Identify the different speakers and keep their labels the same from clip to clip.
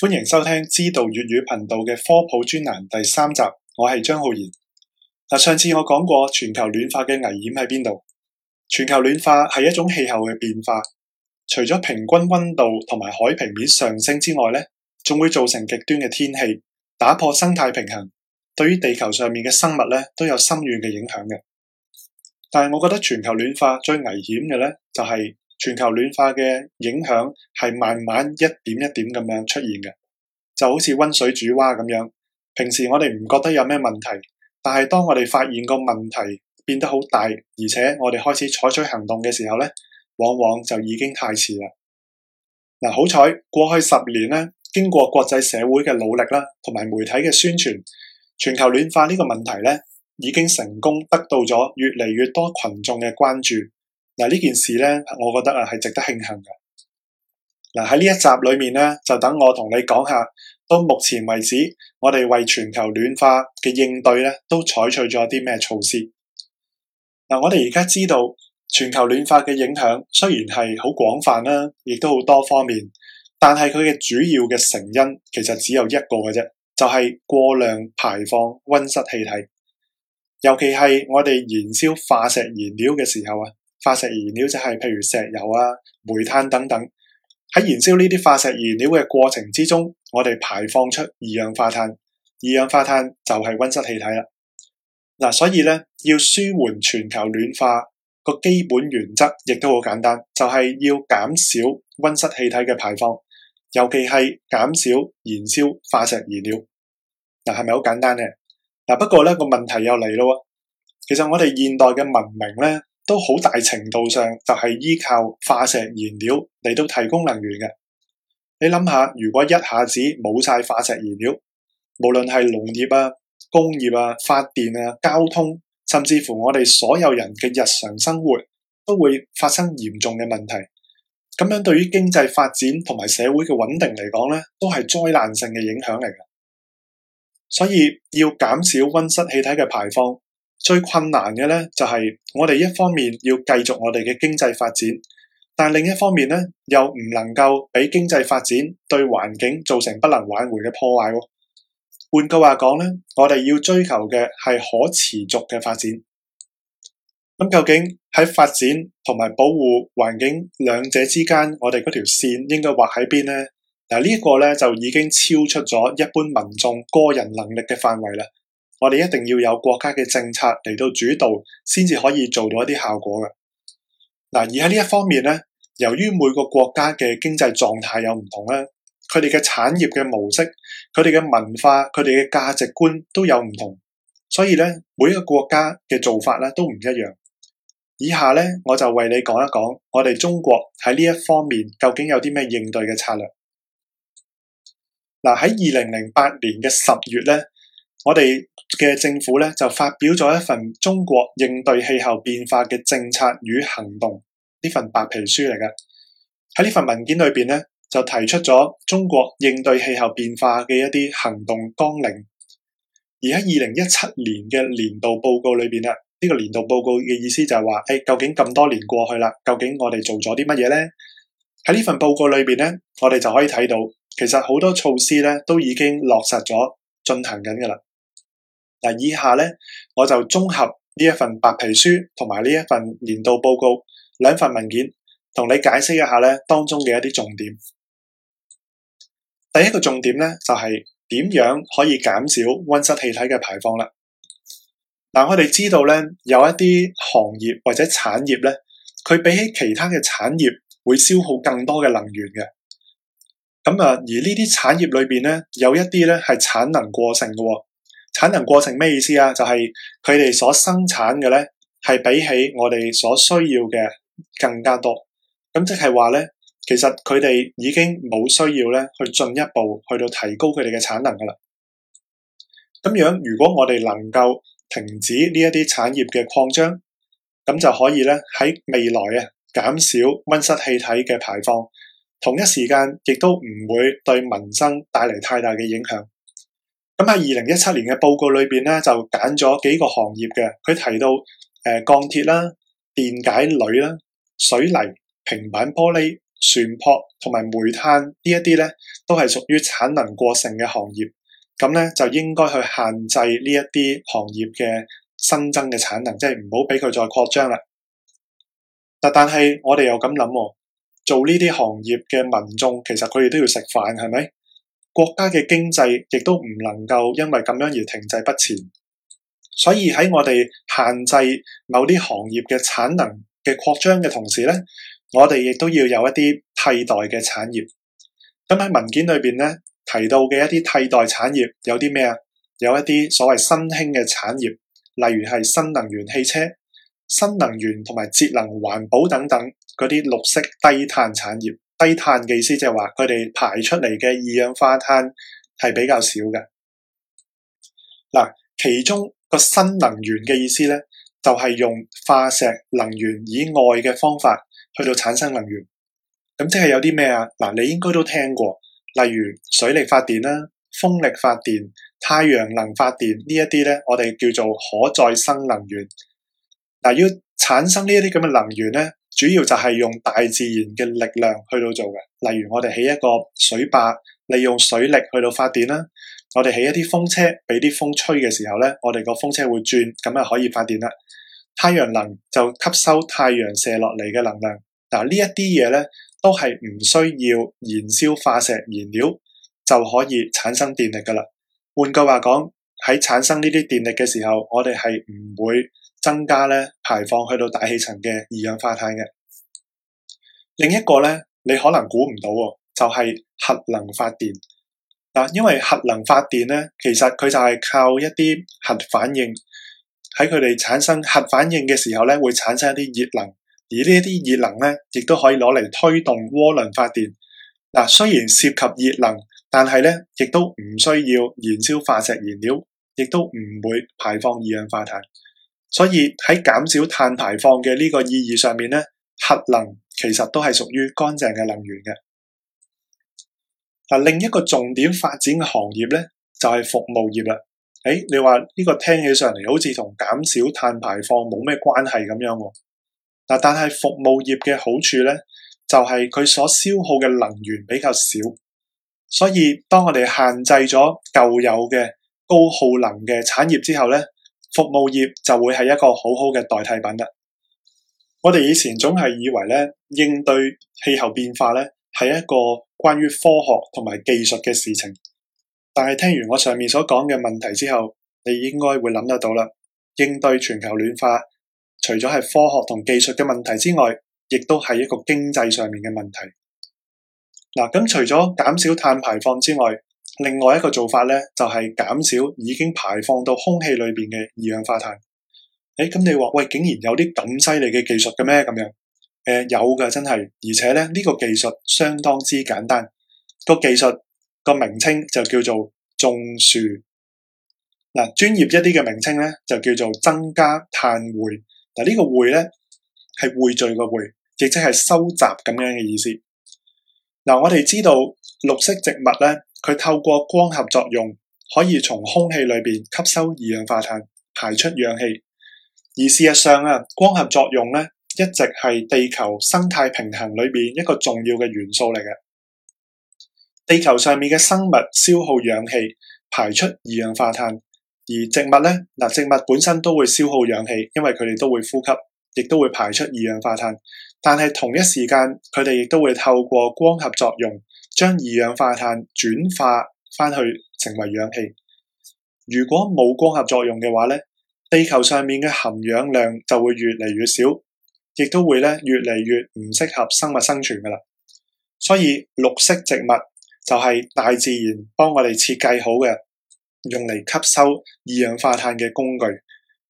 Speaker 1: 歡迎收聽知道粵語頻道嘅科普專欄第三集，我係張浩然。嗱，上次我講過全球暖化嘅危險喺邊度？全球暖化係一種氣候嘅變化，除咗平均温度同埋海平面上升之外咧，仲會造成極端嘅天氣，打破生態平衡，對於地球上面嘅生物咧都有深遠嘅影響嘅。但係我覺得全球暖化最危險嘅咧就係。全球暖化嘅影響係慢慢一點一點咁樣出現嘅，就好似溫水煮蛙咁樣。平時我哋唔覺得有咩問題，但係當我哋發現個問題變得好大，而且我哋開始採取行動嘅時候咧，往往就已經太遲啦。嗱，好彩過去十年咧，經過國際社會嘅努力啦，同埋媒體嘅宣傳，全球暖化呢個問題咧，已經成功得到咗越嚟越多群眾嘅關注。嗱，呢件事咧，我覺得啊係值得慶幸嘅。嗱，喺呢一集裏面咧，就等我同你講下，到目前為止，我哋為全球暖化嘅應對咧，都採取咗啲咩措施。嗱、啊，我哋而家知道全球暖化嘅影響雖然係好廣泛啦、啊，亦都好多方面，但係佢嘅主要嘅成因其實只有一個嘅啫，就係、是、過量排放温室氣體，尤其係我哋燃燒化石燃料嘅時候啊。化石燃料就係譬如石油啊、煤炭等等，喺燃燒呢啲化石燃料嘅過程之中，我哋排放出二氧化碳。二氧化碳就係溫室氣體啦。嗱、啊，所以咧要舒緩全球暖化個基本原則，亦都好簡單，就係、是、要減少溫室氣體嘅排放，尤其係減少燃燒化石燃料。嗱、啊，係咪好簡單咧？嗱、啊，不過咧個問題又嚟咯。其實我哋現代嘅文明咧。都好大程度上就係依靠化石燃料嚟到提供能源嘅。你諗下，如果一下子冇晒化石燃料，無論係農業啊、工業啊、發電啊、交通，甚至乎我哋所有人嘅日常生活，都會發生嚴重嘅問題。咁樣對於經濟發展同埋社會嘅穩定嚟講呢，都係災難性嘅影響嚟嘅。所以要減少溫室氣體嘅排放。最困難嘅咧，就係、是、我哋一方面要繼續我哋嘅經濟發展，但另一方面咧，又唔能夠俾經濟發展對環境造成不能挽回嘅破壞、哦。換句話講咧，我哋要追求嘅係可持續嘅發展。咁究竟喺發展同埋保護環境兩者之間，我哋嗰條線應該畫喺邊咧？嗱、呢個，呢一個咧就已經超出咗一般民眾個人能力嘅範圍啦。我哋一定要有國家嘅政策嚟到主導，先至可以做到一啲效果嘅。嗱，而喺呢一方面咧，由於每個國家嘅經濟狀態有唔同咧，佢哋嘅產業嘅模式、佢哋嘅文化、佢哋嘅價值觀都有唔同，所以咧每一個國家嘅做法咧都唔一樣。以下咧我就為你講一講我哋中國喺呢一方面究竟有啲咩應對嘅策略。嗱，喺二零零八年嘅十月咧，我哋嘅政府咧就發表咗一份中國應對氣候變化嘅政策與行動呢份白皮書嚟嘅。喺呢份文件裏邊咧就提出咗中國應對氣候變化嘅一啲行動綱領。而喺二零一七年嘅年度報告裏邊啊，呢個年度報告嘅意思就係話，誒，究竟咁多年過去啦，究竟我哋做咗啲乜嘢咧？喺呢份報告裏邊咧，我哋就可以睇到，其實好多措施咧都已經落實咗，進行緊嘅啦。嗱，以下咧，我就綜合呢一份白皮書同埋呢一份年度報告，兩份文件，同你解釋一下咧，當中嘅一啲重點。第一個重點咧，就係點樣可以減少溫室氣體嘅排放啦。嗱，我哋知道咧，有一啲行業或者產業咧，佢比起其他嘅產業會消耗更多嘅能源嘅。咁啊，而呢啲產業裏邊咧，有一啲咧係產能過剩嘅。產能過剩咩意思啊？就係佢哋所生產嘅咧，係比起我哋所需要嘅更加多。咁即係話咧，其實佢哋已經冇需要咧去進一步去到提高佢哋嘅產能噶啦。咁樣如果我哋能夠停止呢一啲產業嘅擴張，咁就可以咧喺未來啊減少溫室氣體嘅排放，同一時間亦都唔會對民生帶嚟太大嘅影響。咁喺二零一七年嘅報告裏邊咧，就揀咗幾個行業嘅，佢提到誒鋼鐵啦、電解鋁啦、水泥、平板玻璃、船舶同埋煤炭一呢一啲咧，都係屬於產能過剩嘅行業。咁咧就應該去限制呢一啲行業嘅新增嘅產能，即係唔好俾佢再擴張啦。嗱，但係我哋又咁諗，哦，做呢啲行業嘅民眾其實佢哋都要食飯，係咪？國家嘅經濟亦都唔能夠因為咁樣而停滯不前，所以喺我哋限制某啲行業嘅產能嘅擴張嘅同時咧，我哋亦都要有一啲替代嘅產業。咁喺文件裏邊咧提到嘅一啲替代產業有啲咩啊？有一啲所謂新興嘅產業，例如係新能源汽車、新能源同埋節能環保等等嗰啲綠色低碳產業。低碳嘅意思就係話佢哋排出嚟嘅二氧化碳係比較少嘅。嗱，其中個新能源嘅意思咧，就係用化石能源以外嘅方法去到產生能源。咁即係有啲咩啊？嗱，你應該都聽過，例如水力發電啦、風力發電、太陽能發電呢一啲咧，我哋叫做可再生能源。嗱，要產生呢一啲咁嘅能源咧。主要就係用大自然嘅力量去到做嘅，例如我哋起一個水壩，利用水力去到發電啦；我哋起一啲風車，俾啲風吹嘅時候咧，我哋個風車會轉，咁就可以發電啦。太陽能就吸收太陽射落嚟嘅能量，嗱，呢一啲嘢，咧都係唔需要燃燒化石燃料就可以產生電力噶啦。換句話講，喺產生呢啲電力嘅時候，我哋係唔會增加咧排放去到大氣層嘅二氧化碳嘅，另一個咧你可能估唔到，就係核能發電嗱，因為核能發電咧，其實佢就係靠一啲核反應喺佢哋產生核反應嘅時候咧，會產生一啲熱能，而呢一啲熱能咧，亦都可以攞嚟推動渦輪發電嗱。雖然涉及熱能，但係咧亦都唔需要燃燒化石燃料，亦都唔會排放二氧化碳。所以喺減少碳排放嘅呢個意義上面咧，核能其實都係屬於乾淨嘅能源嘅。嗱，另一個重點發展嘅行業咧，就係服務業啦。誒，你話呢個聽起上嚟好似同減少碳排放冇咩關係咁樣喎。嗱，但係服務業嘅好處咧，就係佢所消耗嘅能源比較少，所以當我哋限制咗舊有嘅高耗能嘅產業之後咧。服務業就會係一個好好嘅代替品啦。我哋以前總係以為咧，應對氣候變化咧，係一個關於科學同埋技術嘅事情，但係聽完我上面所講嘅問題之後，你應該會諗得到啦。應對全球暖化，除咗係科學同技術嘅問題之外，亦都係一個經濟上面嘅問題。嗱、啊，咁除咗減少碳排放之外，另外一個做法咧，就係、是、減少已經排放到空氣裏邊嘅二氧化碳。誒，咁你話喂，竟然有啲咁犀利嘅技術嘅咩？咁樣誒、呃，有嘅真係，而且咧呢、這個技術相當之簡單。個技術、個名稱就叫做種樹。嗱，專業一啲嘅名稱咧，就叫做增加碳匯。嗱、這個，呢個匯咧係匯聚個匯，亦即係收集咁樣嘅意思。嗱，我哋知道綠色植物咧。佢透過光合作用可以從空氣裏邊吸收二氧化碳，排出氧氣。而事實上啊，光合作用咧一直係地球生態平衡裏邊一個重要嘅元素嚟嘅。地球上面嘅生物消耗氧氣，排出二氧化碳；而植物咧，嗱植物本身都會消耗氧氣，因為佢哋都會呼吸，亦都會排出二氧化碳。但係同一時間，佢哋亦都會透過光合作用。將二氧化碳轉化翻去成為氧氣。如果冇光合作用嘅話咧，地球上面嘅含氧量就會越嚟越少，亦都會咧越嚟越唔適合生物生存噶啦。所以綠色植物就係大自然幫我哋設計好嘅，用嚟吸收二氧化碳嘅工具。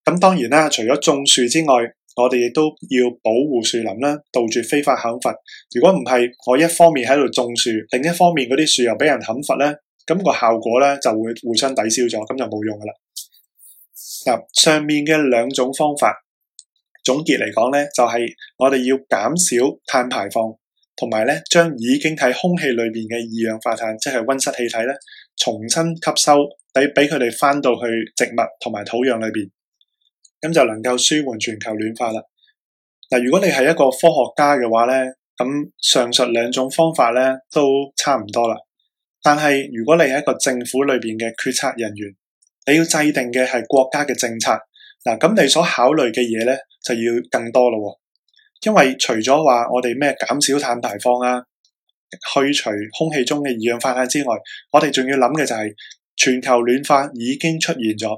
Speaker 1: 咁當然啦，除咗種樹之外。我哋亦都要保護樹林啦，杜絕非法砍伐。如果唔係，我一方面喺度種樹，另一方面嗰啲樹又俾人砍伐咧，咁個效果咧就會互相抵消咗，咁就冇用噶啦。嗱，上面嘅兩種方法總結嚟講咧，就係我哋要減少碳排放，同埋咧將已經喺空氣裏邊嘅二氧化碳，即係溫室氣體咧，重新吸收，俾俾佢哋翻到去植物同埋土壤裏邊。咁就能夠舒緩全球暖化啦。嗱，如果你係一個科學家嘅話咧，咁上述兩種方法咧都差唔多啦。但係如果你係一個政府裏邊嘅決策人員，你要制定嘅係國家嘅政策。嗱，咁你所考慮嘅嘢咧就要更多咯。因為除咗話我哋咩減少碳排放啊、去除空氣中嘅二氧化碳之外，我哋仲要諗嘅就係全球暖化已經出現咗。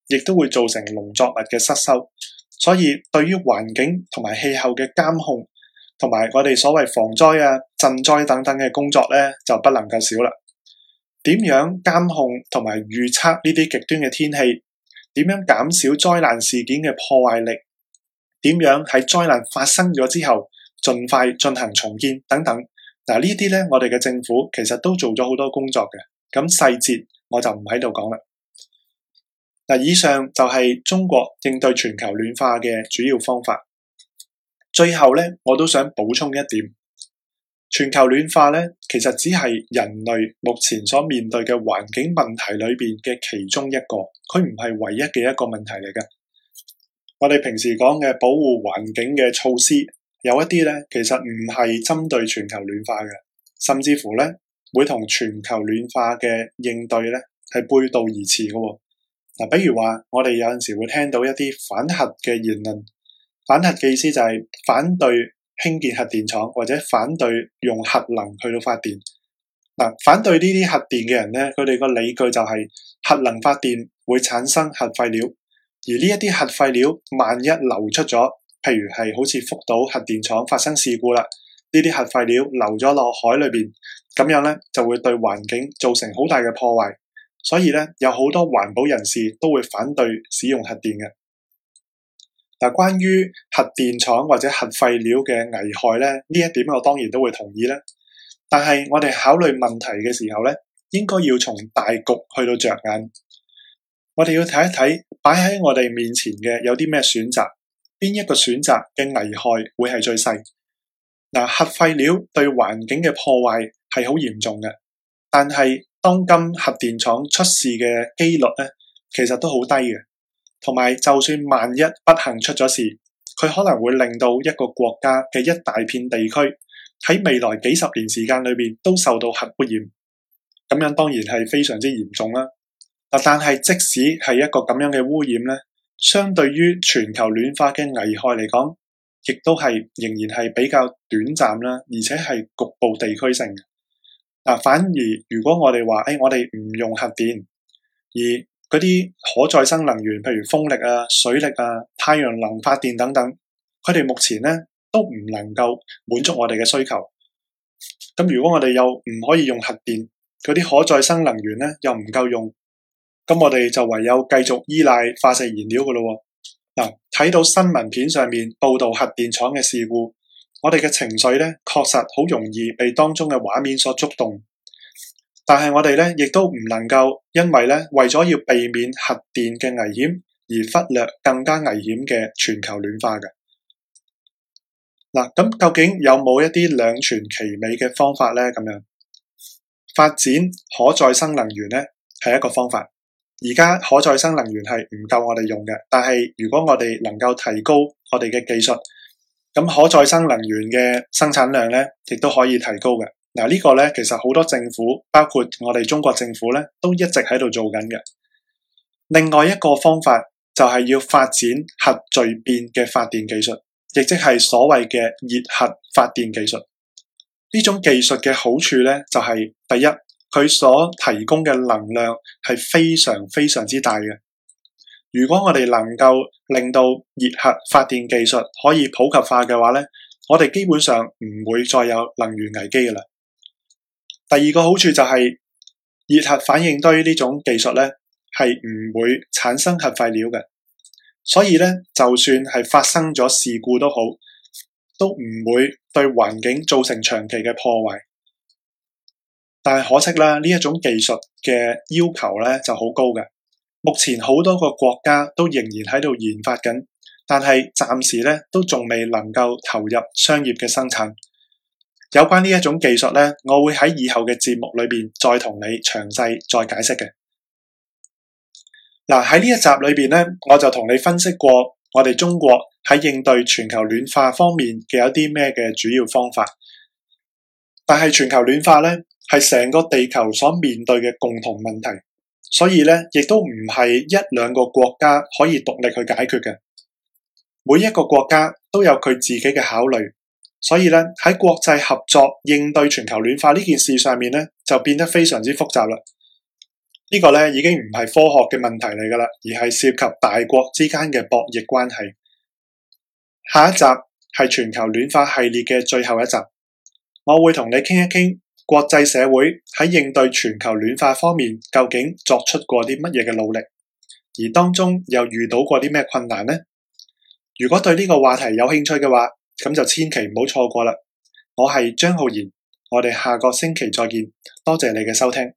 Speaker 1: 亦都會造成農作物嘅失收，所以對於環境同埋氣候嘅監控，同埋我哋所謂防災啊、賑災等等嘅工作咧，就不能夠少啦。點樣監控同埋預測呢啲極端嘅天氣？點樣減少災難事件嘅破壞力？點樣喺災難發生咗之後儘快進行重建等等？嗱，呢啲咧，我哋嘅政府其實都做咗好多工作嘅，咁細節我就唔喺度講啦。嗱，以上就係中國應對全球暖化嘅主要方法。最後咧，我都想補充一點：全球暖化咧，其實只係人類目前所面對嘅環境問題裏邊嘅其中一個，佢唔係唯一嘅一個問題嚟嘅。我哋平時講嘅保護環境嘅措施，有一啲咧，其實唔係針對全球暖化嘅，甚至乎咧會同全球暖化嘅應對咧係背道而馳嘅喎。嗱，比如話，我哋有陣時會聽到一啲反核嘅言論，反核嘅意思就係反對興建核電廠或者反對用核能去到發電。嗱，反對呢啲核電嘅人咧，佢哋個理據就係、是、核能發電會產生核廢料，而呢一啲核廢料萬一流出咗，譬如係好似福島核電廠發生事故啦，呢啲核廢料流咗落海裏邊，咁樣咧就會對環境造成好大嘅破壞。所以咧，有好多環保人士都會反對使用核電嘅。嗱，關於核電廠或者核廢料嘅危害咧，呢一點我當然都會同意啦。但係我哋考慮問題嘅時候咧，應該要從大局去到着眼。我哋要睇一睇擺喺我哋面前嘅有啲咩選擇，邊一個選擇嘅危害會係最細。嗱，核廢料對環境嘅破壞係好嚴重嘅，但係，當今核電廠出事嘅機率咧，其實都好低嘅。同埋，就算萬一不幸出咗事，佢可能會令到一個國家嘅一大片地區喺未來幾十年時間裏邊都受到核污染。咁樣當然係非常之嚴重啦。但係即使係一個咁樣嘅污染咧，相對於全球暖化嘅危害嚟講，亦都係仍然係比較短暫啦，而且係局部地區性。嗱，反而如果我哋話，誒、哎，我哋唔用核電，而嗰啲可再生能源，譬如風力啊、水力啊、太陽能發電等等，佢哋目前咧都唔能夠滿足我哋嘅需求。咁如果我哋又唔可以用核電，嗰啲可再生能源咧又唔夠用，咁我哋就唯有繼續依賴化石燃料噶咯、哦。嗱，睇到新聞片上面報道核電廠嘅事故。我哋嘅情緒咧，確實好容易被當中嘅畫面所觸動，但係我哋咧亦都唔能夠因為咧為咗要避免核電嘅危險而忽略更加危險嘅全球暖化嘅。嗱、啊，咁究竟有冇一啲兩全其美嘅方法咧？咁樣發展可再生能源咧係一個方法。而家可再生能源係唔夠我哋用嘅，但係如果我哋能夠提高我哋嘅技術。咁可再生能源嘅生產量咧，亦都可以提高嘅。嗱、這個，呢個咧，其實好多政府，包括我哋中國政府咧，都一直喺度做緊嘅。另外一個方法就係要發展核聚變嘅發電技術，亦即係所謂嘅熱核發電技術。呢種技術嘅好處咧，就係、是、第一，佢所提供嘅能量係非常非常之大嘅。如果我哋能夠令到熱核發電技術可以普及化嘅話咧，我哋基本上唔會再有能源危機嘅啦。第二個好處就係熱核反應堆呢種技術咧，係唔會產生核廢料嘅，所以咧，就算係發生咗事故都好，都唔會對環境造成長期嘅破壞。但係可惜啦，呢一種技術嘅要求咧就好高嘅。目前好多個國家都仍然喺度研發緊，但係暫時咧都仲未能夠投入商業嘅生產。有關呢一種技術咧，我會喺以後嘅節目裏邊再同你詳細再解釋嘅。嗱，喺呢一集裏邊咧，我就同你分析過，我哋中國喺應對全球暖化方面嘅有啲咩嘅主要方法。但係全球暖化咧，係成個地球所面對嘅共同問題。所以咧，亦都唔係一兩個國家可以獨立去解決嘅。每一個國家都有佢自己嘅考慮，所以咧喺國際合作應對全球暖化呢件事上面咧，就變得非常之複雜啦。呢個咧已經唔係科學嘅問題嚟噶啦，而係涉及大國之間嘅博弈關係。下一集係全球暖化系列嘅最後一集，我會同你傾一傾。國際社會喺應對全球暖化方面究竟作出過啲乜嘢嘅努力？而當中又遇到過啲咩困難呢？如果對呢個話題有興趣嘅話，咁就千祈唔好錯過啦！我係張浩然，我哋下個星期再見，多謝你嘅收聽。